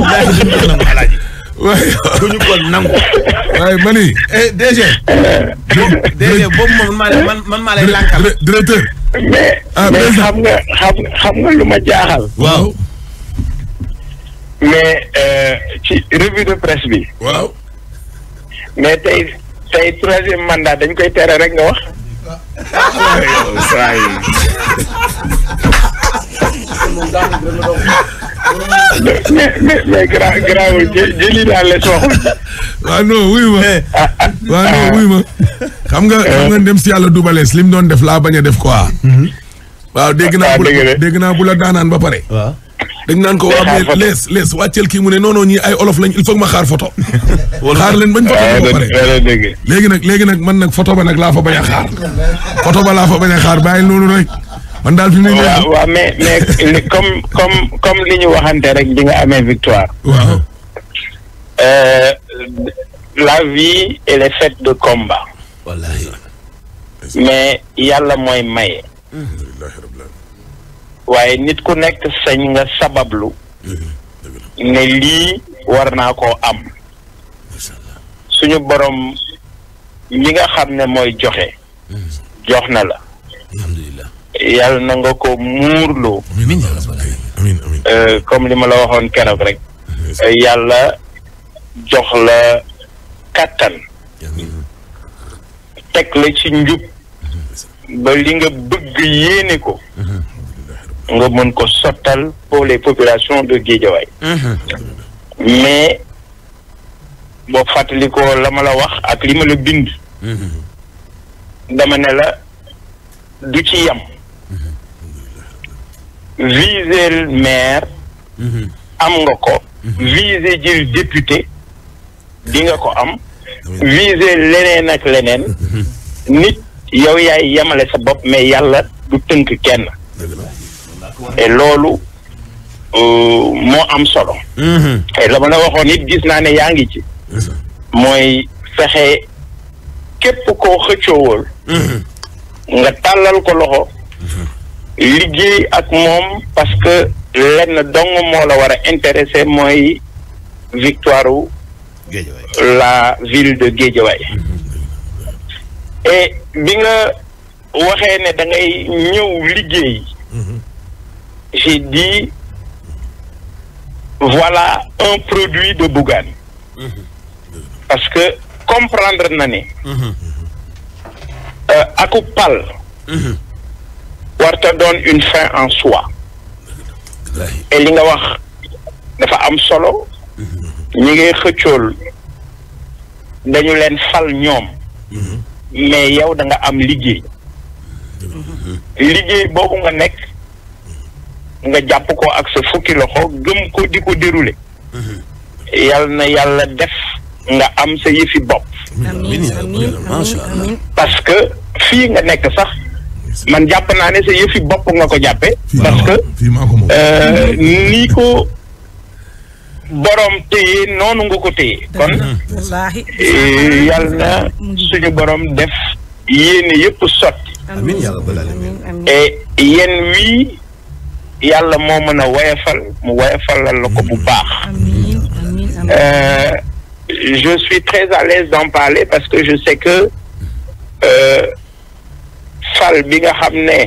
waaye duñu ko nangu. waaye ma ni. Eh, DG. DG boobu moom man maa man man maa lay lànkal. directeur. Ah, mais xam nga xam xam nga lu ma jaaxal. waaw. mais euh, ci revue de presse bi. waaw. mais tey tey troisième mandat dañ koy tere rek nga wax. mais mais mais gra xam nga xam nga dem si yàlla dubalees li mu doon def laa bañ a def ko waaw ah, dégg naa bu la dégg naa bu la ba pare waaw dañ naan ko waa mais lees lees wàcceel kii mu ne non non ay olof lañ il faut ma xaar foto photo xaar leen bañ ba eh, pare léegi nag léegi nag man nag photo ba nag laa fa bañ a xaar ba laa xaar bàyyi noonu rek man daal fi mu ne comme comme comme li ñu waxante rek di nga amee victoire. waaw. Euh, la vie est faite de combat. mais yàlla mooy maye. waaye nit ku nekk sañ nga sabablu. ne lii war naa koo am. suñu borom li nga xam ne mooy joxe. Mm. jox na la. yàlla na nga ko muurloo. Euh, comme li ma la waxoon keroog rek. Euh, yàlla jox la kàttan. teg la ci njub. ba li nga bëgg yéene ko. Mm-hmm. nga mën ko sottal pour les populations de Guédiawaye. Mm-hmm. mais boo fàttalikoo la ma la wax ak li ma la bind. Mm-hmm. dama ne la du ci yam. viser maire. Mhm. am nga ko. Mhm. viser jël député di nga ko am. viser leneen ak leneen. Mhm. nit yow ya yemale sa bopp mais yàlla du tënk kenn. et loolu euh, moo am solo. et la ma waxoon nit gis naa ne yaa ngi ci. mooy fexe képp koo xëccoowool. nga tàllal ko loxo. liggéey ak moom parce que lenn dong moo la war a intéressé mooy victoire wu la ville de Guédiawaye mm-hmm. et bi nga waxee ne da ngay ñëw liggéey mm-hmm. j'ai dit voilà un produit de Bougane mm-hmm. parce que comprendre na ne euh, akub pal warta doon une fin en soi et li nga wax dafa am solo mhm. ñu ngay xëccool dañu leen fal ñoom mhm. mais yow da nga am liggéey mhm. liggéey boobu nga nekk nga jàpp ko ak sa fukki loxo gëm ko di ko dérouler yal na yàlla def nga am sa yëfi bopp parce que fii nga nekk sax man jàpp naa ne sa yëfi bopp nga ko jàppe parce que nii euh, ko borom téye noonu nga ko téye kon yàlla euh, na suñu borom def yéene yëpp sotti et yéen wii yàlla moo mën a woyafal mu woyafalal la ko bu baax euh, je suis très à d'en parler parce que je sais que euh, fal bi nga xam ne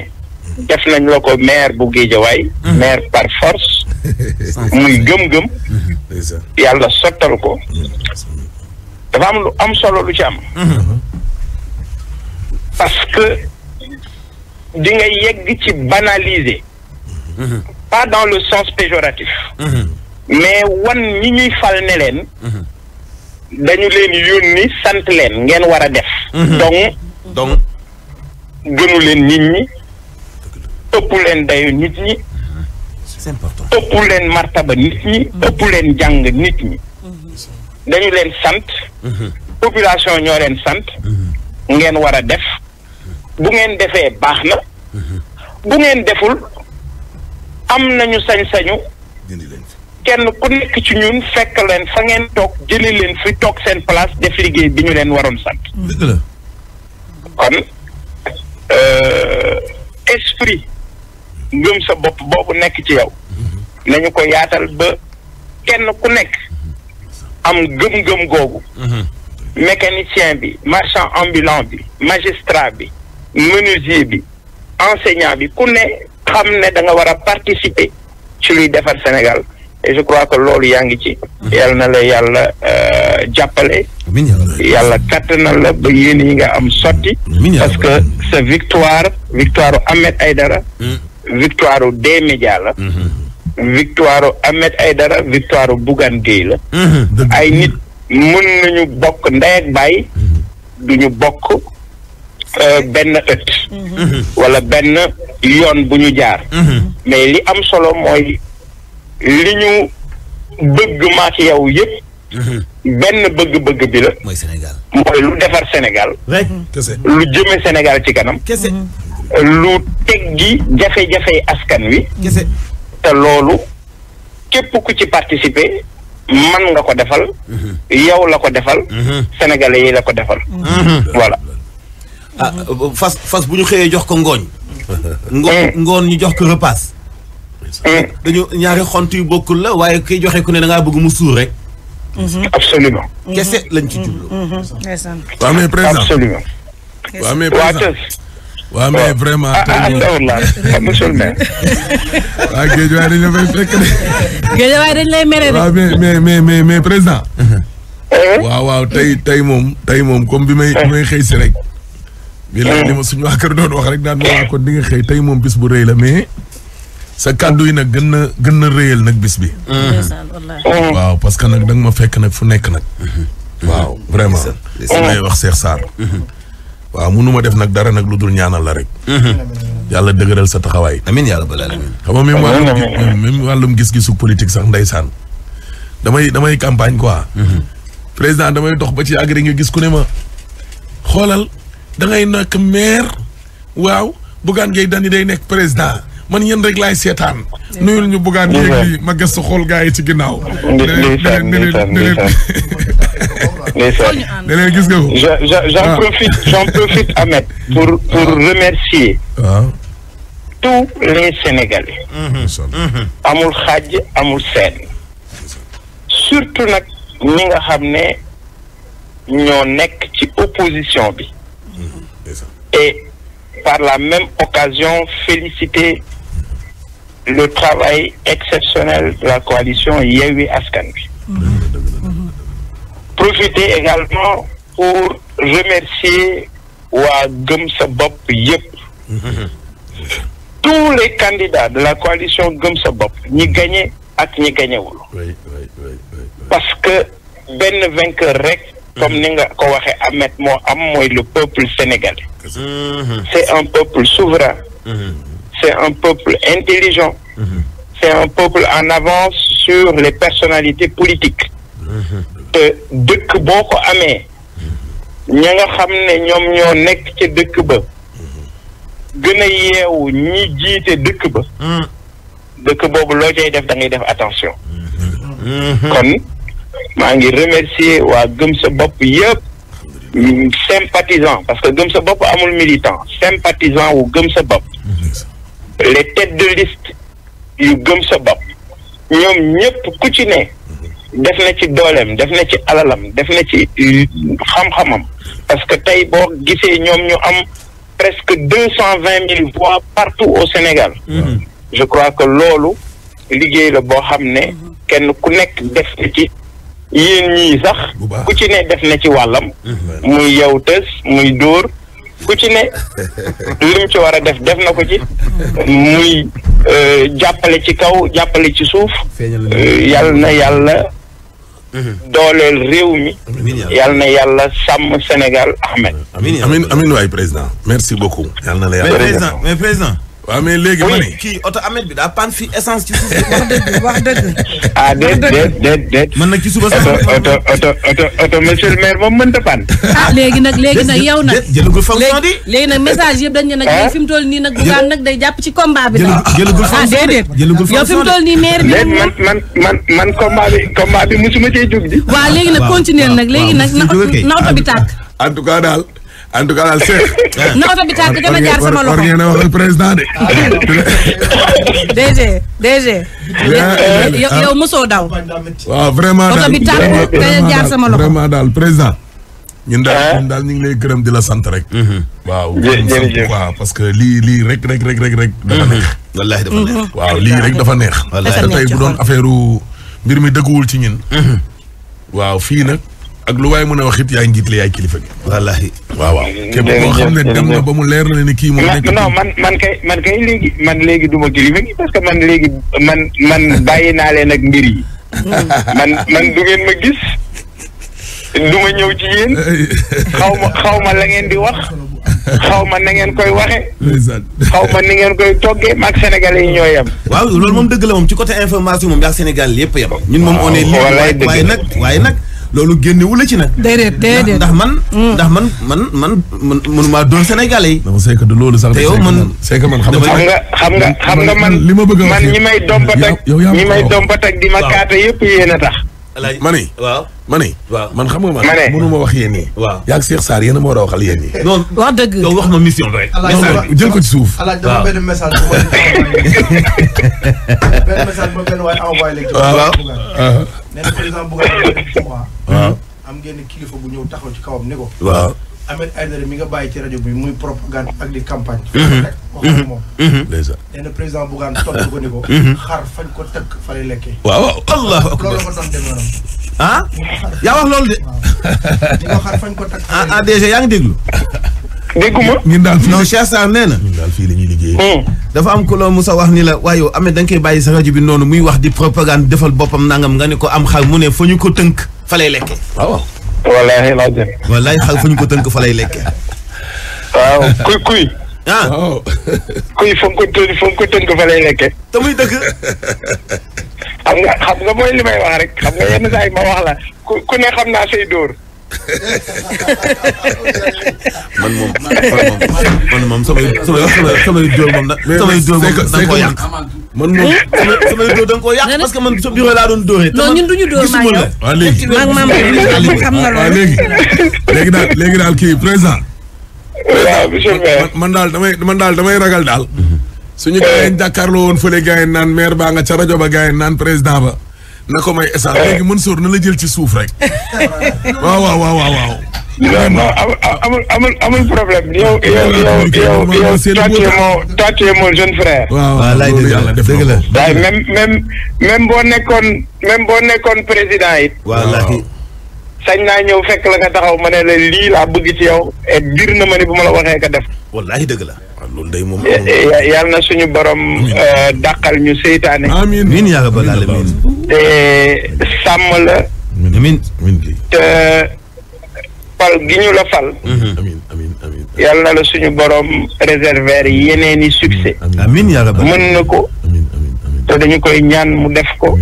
def nañ la ko maire bu géejawaay mhm. maire par force muy gëm-gëm yàlla sottal ko dafa am lu am solo lu ci am mhm. parce que di nga yegg ci banaliser mhm. pas dans le sens péjoratif mais wan ñi ñuy fal ne leen dañu leen yónni sant leen ngeen war a def donc gënu leen nit ñi ëpp leen dayu nit ñi ëpp leen martaba nit ñi mmh. ëpp leen jàng nit ñi mmh. dañu leen sant mmh. population ñoo leen sant ngeen war a def bu ngeen defee baax na bu ngeen deful am nañu sañ-sañu kenn ku nekk ci ñun fekk leen fa ngeen toog jëli leen fi toog seen place def liggéey bi ñu leen waroon sant kon Euh, esprit gëm sa bopp boobu nekk ci yow nañu ko yaatal ba kenn ku nekk am gëm-gëm googu mécanicien bi marchand ambulant bi magistrat bi menuisier bi enseignant bi ku ne xam ne da nga war a participer ci luy defar Sénégal et je crois que loolu yaa ngi ci. Mhm. yal na la yàlla euh, jàppale. yàlla kattanal la ba yéen yi nga am sotti. parce que sa victoire victoire Ahmed Aidara. Hmm. victoire des médias la. Hmm. victoire Ahmed Aidara victoire Bougane Gueye hmm. la. ay nit mën nañu bokk ndey ak baay duñu bokk euh, benn ëtt. wala benn yoon bu ñu jaar. mais li am solo mooy. li ñu bëgg maak yow yëpp. Mhm. benn bëgg-bëgg bi la. mooy Sénégal mooy lu defar Sénégal. rek kese lu jëme Sénégal ci kanam. kese lu teggi jafe-jafe askan wi. kese te loolu képp ku ci participer man nga ko defal. Mhm. yow la ko defal. Mhm. sénégalais yi la ko defal. voilà. ah fas fas bu ñu xëyee jox ko ngooñ. ngoon eh. ngoon ñu jox ko repas. Eh. dañu ñaari xont yu bokkul la waaye kiy joxe ku ne da ngaa bëgg mu suur rek. Mm-hmm. absolument. Mm-hmm. kese lañ ci jublu. Mm-hmm. waaw mais président absolument. waaw mais waaw vraiment. ah ah monsieur le maire. mais mais président. Eh? waaw waaw tey tey moom tey moom comme bi may bi may xëy si rek. Eh. bi la li ma suñu waa doon wax rek daan ma waa kon di nga xëy tey moom bis bu rëy la mais. sa kàddu yi nag gën a gën na réyal nag bis bi. Mm-hmm. waaw parce que nag da nga ma fekk nag fu nekk nag. Mm-hmm. waaw mm-hmm. vraiment li si may wax Cheikh Sarr. waaw munu ma def nag dara nag lu dul ñaanal la rek. yàlla dëgëral sa taxawaay. amiin yàlla balaa amiin. xam nga même wàllum même wàllum gis-gisu politique sax saan damay damay campagne quoi. président damay dox ba ci agri nga gis ku ne ma xoolal da ngay nekk maire waaw Bougane Gueye Dany day nekk président. man yéen rek laay seetaan. nuyul ñu buggaan yéeg lii ma gëstu xool gaa yi ci ginnaaw. ndeysaan ndeysaan ndeysaan gis nga ko. j'en ah. profite j'en profite Ahmed pour pour ah. remercier. waaw. Ah. tous les Sénégalais. Mm-hmm. Mm-hmm. amul xaaj amul seen. surtout nag ñi nga xam ne ñoo nekk ci opposition bi. Mm-hmm. et par la même occasion féliciter le travail exceptionnel de la coalition Yewwi Askan Wi. profiter également pour remercier waa Gëm sa bopp yëpp. tous les candidats de la coalition Gëm sa bopp ñi gagné ak ñi gagnéwul. oui parce que benn vainqueur rek. comme ni nga ko waxee Ahmed moo am mooy le peuple sénégalais. c'est un peuple souverain. Mhm. c'est un peuple intelligent. Mm -hmm. C'est un peuple en avance sur les personnalités politiques. Mhm. te dëkk boo ko amee. Mhm. ña nga xam ne ñoom ñoo nekk ca dëkk ba. Mhm. gën a yeewu ñi jiite dëkk ba. Mm. dëkk boobu loo cay def da ngay def attention. kon maa ngi remercier waa gëm sa bopp yëpp. sympathisant parce que gëm sa bopp amul militant sympathisant wu gëm sa bopp. les têtes de liste yu gëm sa bopp ñoom ñëpp ku ci ne def na ci dooleem def na ci alalam def na ci euh, xam-xamam parce que tey boo gisee ñoom ñu am presque deux cent vingt mille voix partout au Sénégal mm-hmm. je crois que loolu liggéey la boo xam ne mm-hmm. kenn ku nekk def na ci yéen ñii sax ku ci ne def na ci wàllam mm-hmm. muy yow tës muy dóor ku ci ne lu mu ci war a def def na ko ci muy euh, jàppale ci kaw jàppale ci suuf yàlla euh, na yàlla dooleel réew mi yàlla na yàlla sàmm Sénégal Ahmed amin amin waay président merci beaucoup yàlla na la yàlla mais président waaw mais léegi ma kii oto amet bi daa pan fii essence ci suuf wax dëgg wax dëgg. ah déet déet déet déet. mën na ci suba sax oto oto oto oto monsieur le moom mënta pan. ah léegi nag léegi nag yow nag. jëlugul fonction di léegi nag message yëpp dañ ne nag léegi ah. fi mu toll nii nag bugaan nag day jàpp ci combat bi. jëlugul ah, fonction ah déedéet. jëlugul fonction toll nii maire bi. man man man man combat bi combat bi musuma cee jóg di. waaw léegi nag continuer nag léegi nag na oto bi tàkk. en tout daal. en tout oto bi tàkk dama jaar sama loxo war président de. DG yow mosoo daw. waaw vraiment daal oto bi daal président. ñun daal ñun daal ñu ngi lay gërëm di la sant rek. waaw waaw parce que lii lii rek rek rek rek rek. dafa neex. wallaahi dafa neex. waaw lii rek dafa neex. wallaahi dafa bu doon affaire mbir mi dëgguwul ci ñun. waaw fii ak lu waaye mën a wax it yaay njiit la kilifa gi. wallaahi waaw waaw. képp koo xam ne dem na ba mu leer na ne kii moom. nekk non man man kay man kay léegi man léegi du ma kilifa gi parce que man léegi man man bàyyi naa leen ak mbir yi. man man du ngeen ma gis du ma ñëw ci yéen xaw ma xaw la ngeen di wax. xaw ma na ngeen koy waxee. xaw ma ni ngeen koy tooge maag sénégalais yi ñoo yam waaw loolu moom dëgg la moom ci côté information moom daal Sénégal yëpp yem. ñun moom on est waaye nag waaye nag. loolu génnewu la ci nag. déedéet déedéet ndax man. Mm. ndax man man man man mënumaa doon Sénégalais yi. non c'est que loolu sax. te yow man c'est que man xam nga xam nga xam nga man li ma bëgg a wax man ñi may dompat ak. yow ñi may dompat ak di ma kaata yëpp yéen a tax. ma ni waaw. ma ne. waaw man xam nga man. ma ne mënuma wax yéen ñi. waaw yaa ngi Cheikh Sarr yéen a ma war a waxal yéen ñi. non wax dëgg. yow wax ma mission bi rek. jël ko ci suuf. alaaj dama benn message bu benn message bu benn waay envoyé léegi. waaw nee na président Bougane waaw am ngeen kilifa bu ñëw taxaw ci kawam ne ko. waaw. Ahmed Aïdara mi nga bàyyi ci rajo bi muy propagande ak di campagne. Mhm. rek wax mhm. moom. Mhm. nee na président Bougane tontu ko ni ko. xar fañ ko tëkk fa lay lekkee. waaw waaw allahu akbar loolu la ko doon demee ah yaa wax loolu de. ah ah déjà yaa ngi déglu. dégguma. ñun daal fii non Cheikh nee na. ñun daal fii la ñuy liggéey. Hmm. dafa am ko loolu Moussa wax ni la waaye yow Ameth da bàyyi sa rajo bi noonu muy wax di propagande defal boppam nangam nga ne ko am xar mu ne foo ñu ko tënk fa lay lekkee. Ah, waaw. wallaahi laa ñu ko tënk fa lay lekkee. waaw kuy kuy. ah, ah kuy fa ko tënk fa lay lekkee. te muy dëgg. xam xam nga mooy li xam nga yenn saa yi ma wax la ku ne xam naa say dóor. man moom man moom samay samay samay dóor moom da samay dóor moom da nga koo yàq. man moom samay samay dóor da nga koo yàq parce que man sa bureau laa doon dóoree. non ñun du ñu dóor maa yow waaw léegi waaw léegi léegi daal léegi daal kii président. waaw monsieur le maire man daal damay man daal damay ragal daal. suñu eh. gars yi jàkkaarloo woon fa gars yi naan maire baa nga ca rajo ba gars naan président ba na ko may essence eh. léegi soor na la jël ci suuf rek waaw waaw waaw waaw. non amul amul problème yow yow yow yow yow toi tu es jeune frère. waaw waaw loolu yàlla def na ko waaye même boo nekkoon même boo nekkoon président it. wallaahi. sañ naa ñëw fekk la nga taxaw ma ne la lii laa bëgg ci yow et dir na ma ne bu ma la waxee ka def. wallaahi dëgg la. loolu day moom. yal na suñu borom. Euh, dàqal ñu seytaane. amiin amiin yaa rabbal aalamiin. te sàmm la. amiin te fal gi ñu la fal. yal na la suñu borom réserver yeneeni succès. amiin mën na ko. te dañu koy ñaan mu def ko.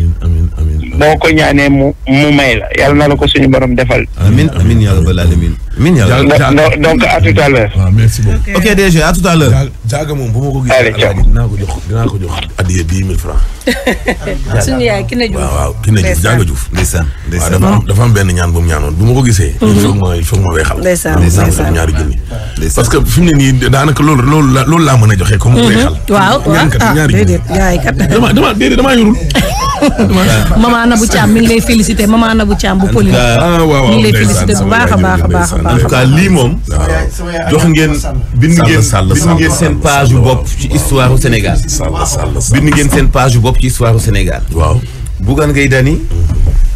boo ko ñaanee mu mu may la yal na la ko suñu borom defal. amiin amiin yaa rabbal aalamiin. min yàlla donc donc à tout à l'heure waaw ah, merci beaucoup ok DG ma ko gisee dinaa ko jox dinaa ko jox addiye dix mille francs suñu yaay ki ne Diouf jaaga Diouf ndeysaan ndeysaan dafa am ñaan bu mu ñaanoon bu ma ko gisee il faut ma il faut ma ñaari junni parce que fi mu nii daanaka loolu loolu la joxe comme mhm. weexal waaw waaw ah, ñaari junni yaay kat dama dama déedéet damaa yorul maman bu poli mi ngi bu ah, baax a baax baax en tout lii moom. jox ngeen. bind ngeen bind ngeen seen page yu bopp ci histoire u Sénégal. bind ngeen seen page yu bopp ci histoire u Sénégal. waaw Bougane Gueye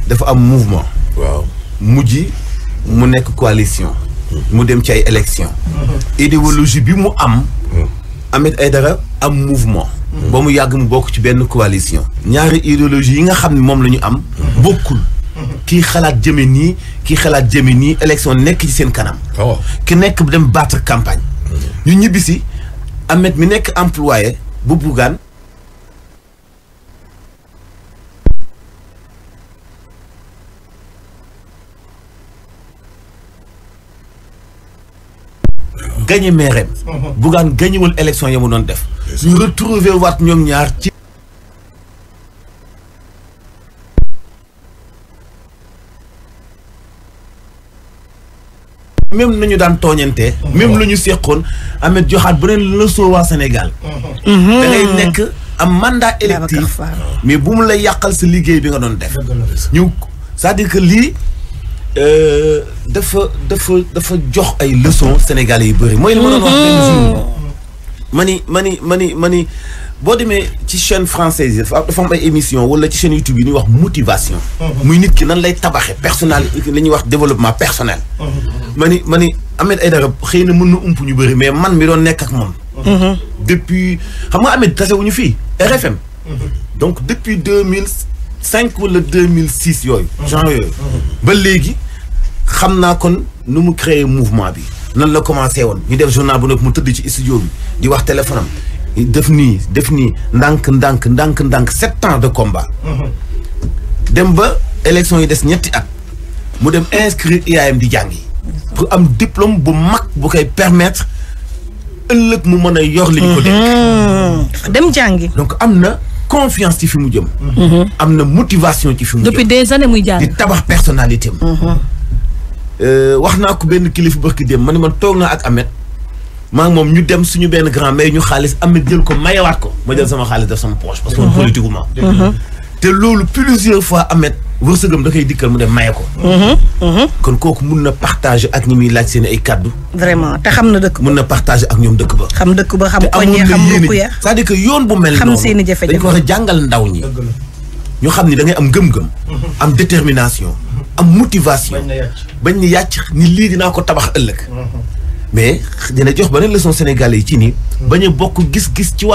dafa am mouvement. waaw mujj mu nekk coalition. mu dem ci ay élection idéologie bi mu am. ay dara am mouvement. ba mu yàgg mu bokk ci benn coalition. ñaari idéologie yi nga xam ne moom lañu am. bokkul. kii xalaat jëme nii kii xalaat jëme nii élection nekk ci seen kanam. Ah ki nekk dem battre campagne. Mhm. ñu ñibbi si mi nekk employé bu Bougane. gañe meereem. Mhm. Bougane gañewul élection mu doon def. ñu retrouver waat ñoom ñaar même nañu daan tooñantee même lu ñu seqoon Ameth joxaat beneen leçon waa Sénégal mhm. da ngay nekk am mandat électif mais bu mu lay yàqal sa liggéey bi nga doon def ñu c'est-à-dire que lii euh, dafa dafa dafa jox ay leçon Sénégalais yu bëri mooy li ma doon wax benn jour mhm. man i mani i boo demee ci chaine française yi dafa am ay émission wala ci chaîne YouTube yi ñuy wax motivation. Mhm. muy nit ki nan lay tabaxee personnel li ñuy wax développement i personnel. i mhm. mani ay dara xëy na mën na ump ñu bëri mais man mi doon nekk ak moom. Mhm. depuis xam nga Ahmed tase wuñu fii RFM. donc depuis deux mille cinq wala deux mille six yooyu. genre yooyu. ba léegi xam naa kon nu mu créer mouvement bi. lan la commencé woon ñu def journal bu nekk mu tëdd ci studio bi di wax téléphone am def nii def nii ndank ndànk ndank ndànk sept ans de combat. dem ba élection yi des ñetti at mu dem inscrire IAM di jàngi. pour am diplôme bu mag bu koy permettre ëllëg mu mën a yor li ñu ko dénk. Mhm. dem jàngi. donc am na confiance ci fi mu jëm. Mhm. am na motivation ci fi mu jëm. di tabax personnalité Euh, wax naa ko benn kilifa barki dem ma ne man toog naa ak Ahmed maa ngi moom ñu dem suñu benn grand may ñu xaalis Ahmed jël ko mayewaat ko ma jël sama xaalis def sama poche parce que man mhm. politiquement te loolu plusieurs fois Ahmed wërsëgam da koy dikkal mu dem maye ko. Mhm. Mhm. mun na partager ak ñoom dëkk ba. xam dëkk ba xam koññee xam mbokk ya te cest à yoon bu mel noonu. xam seen i jafe-jafe dañ ko war a jàngal ndaw ñi. ñu xam ni da am gëm-gëm. am détermination. am motivation. bañ ni yàcc ni lii dinaa ko tabax ëllëg. Mm-hmm. mais dina jox beneen leçon Sénégalais yi ci nii. Mm-hmm. bañ a bokk gis-gis ci wàllu.